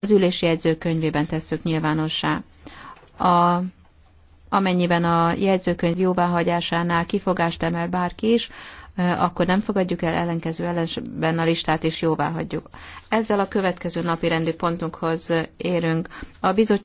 az ülési jegyzőkönyvében tesszük nyilvánossá. A, amennyiben a jegyzőkönyv jóváhagyásánál kifogást emel bárki is, akkor nem fogadjuk el ellenkező ellenben a listát, és jóvá hagyjuk. Ezzel a következő napi rendű pontunkhoz érünk. A bizottság